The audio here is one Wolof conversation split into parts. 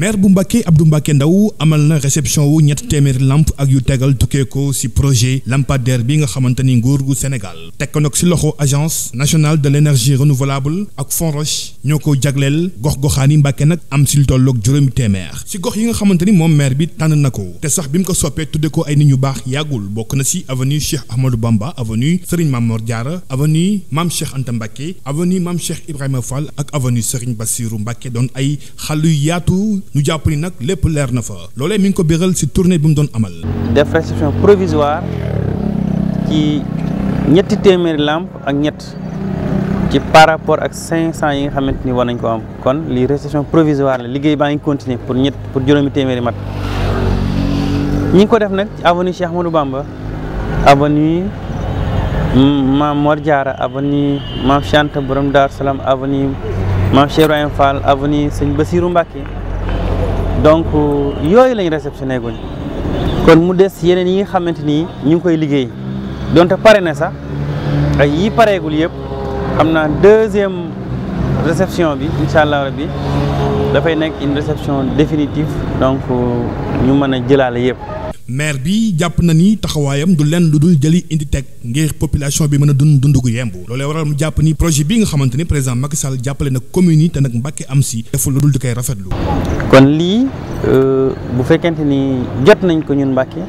maire bu ab Abdou Mbàkke Ndaw amal na réception wu ñett téeméeri lamp ak yu tegal tukkee ko ci projet lampadaire bi nga xamante ni nguur gu Sénégal teg ko nag ci loxo agence nationale de l'énergie renouvelable ak Fonroche ñoo ko jagleel gox-goxaan yi Mbàkke nag am ci lu tolloog juróomi téeméer ci gox yi nga xamante ni moom maire bi tànn na ko te sax bi mu ko soppee tudde ko ay nit ñu baax yàggul bokk na ci avenue Cheikh Ahmadou Bamba avenue Serigne Mamor Diarra avenue Mame Cheikh Anta Mbàkke avenue Mame Cheikh Ibrahima Fall ak avenue Serigne Bassirou Mbàkke doon ay xàllu yaatu ñu jàpp ni nag lépp leer na fa loolee mi ngi ko béral ci tournée bi mu doon amal. def réception provisoire ci ñetti téeméeri làmp ak ñett ci par rapport ak 500 yi nga xamante ni war nañ ko am kon lii réception provisoire la liggéey baa ngi continuer pour ñett pour juróomi téeméeri mat ñi ngi ko def nag ci avenue Cheikh Ahmadou Bamba avenue Maam Mor Diarra avenue Maam Chanta Borom Darou Salam avenue Maam Cheikh Ibrahima Fall avenue Sëñ Basirou Mbacké donc yooyu lañ réceptionné guñ kon mu des yeneen yi nga xamante ni ñu ngi koy liggéey donte pare na sax ay yi pareegul yëpp xam naa deuxième réception bi incha allah rabbi dafay nekk une réception définitive donc ñu mën a jëlaale yëpp. maire bi jàpp na ni taxawaayam du lenn lu dul jëli indi teg ngir population bi mën a dund dund gu yemb loolee waral mu jàpp ni projet bi nga xamante ni président Macky Sall jàppale nag commune yi te nag Mbàkke am si deful lu dul di koy rafetlu. kon lii euh, bu fekkente ni jot nañ ko ñun Mbàkke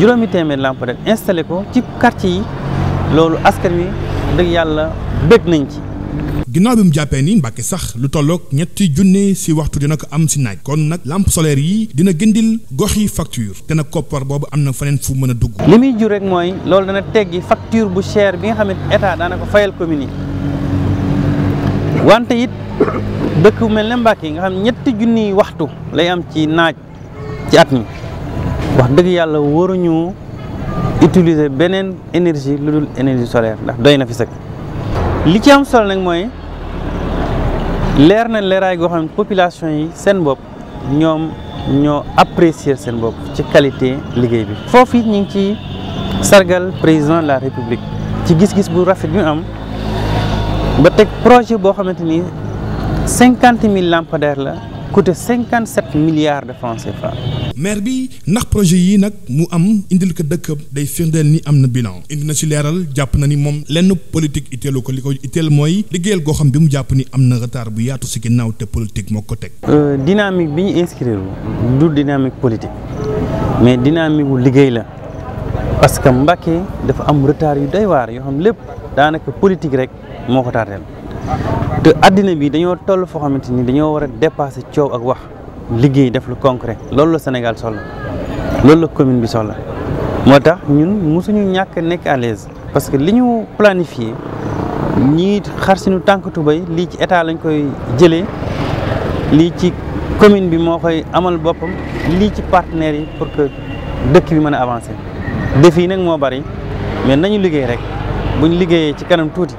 juróomi téeméer lampadaire installé ko ci quartier yi loolu askan wi dëgg yàlla bëgg nañ ci. ginnaaw bi mu jàppee ni Mbàkke sax lu tolloog ñetti junne si waxtu dina ko am si naaj kon nag lampe solaire yi dina gëndil gox yi facture te nag koppar boobu am na feneen fu mën a dugg li muy jur rek mooy loolu dana teggi facture bu cher bi nga xam ne état daana ko fayal commune yi wante it dëkk mel ne Mbàkke nga xam ñetti junniy waxtu lay am ci naaj ci at mi wax dëgg yàlla waruñu utiliser beneen énergie lu dul énergie solaire ndax doy na fi sëkk li ci am solo nag mooy leer na leeraay goo xam ne population yi seen bopp ñoom ñoo apprécier seen bopp ci qualité liggéey bi. foofu it ñu ngi ci sargal président de la république ci gis-gis bu rafet bi am ba teg projet boo xamante ni cinquante mille lampadaires la. coûté cinquante sept milliards de francs CFA. maire bi ndax projet yi nag mu am indil ko dëkkam day firndeel ni am na bilan indi na ci leeral jàpp na ni moom lenn politique itteelu ko li ko itteel mooy liggéeyal goo xam bi mu jàpp ni am na retard bu yaatu ci ginnaaw te politique moo ko teg. Euh, dynamique bi ñu inscrire du dynamique politique mais dynamique wu liggéey la parce que Mbacké dafa am retard yu doy waar yoo xam lépp daanaka politique rek moo ko tardeel te àddina bi dañoo toll foo xamante ni dañoo war a dépasser coow ak wax liggéey def lu concret loolu la Sénégal soxla loolu la commune bi soxla moo tax ñun musuñu ñàkk nekk à l'aise parce que li ñu planifié ñii xar suñu tànk tubéy lii ci état lañ koy jëlee lii ci commune bi moo koy amal boppam lii ci partenaires yi pour que dëkk bi mën a avancer défi nag moo bari mais nañu liggéey rek bu ñu liggéeyee ci kanam tuuti.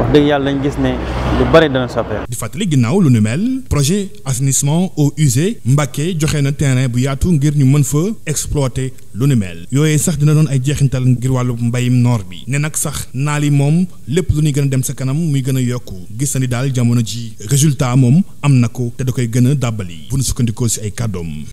wax dëgg yàlla dañ gis ne lu bari dana soppeeku. di fàttali ginnaaw lu nu mel projet assainissement o usées Mbàkke joxe na terrain bu yaatu ngir ñu mën fa exploiter lu nu mel yooyu sax dina doon ay jeexintal ngir wàllu mbayim noor bi ne nag sax naal yi moom lépp lu ñuy gën a dem sa kanam muy gën a yokku gis na ni daal jamono ji résultat moom am na ko te da koy gën a dàbbali bu nu sukkandikoo si ay kàddoom.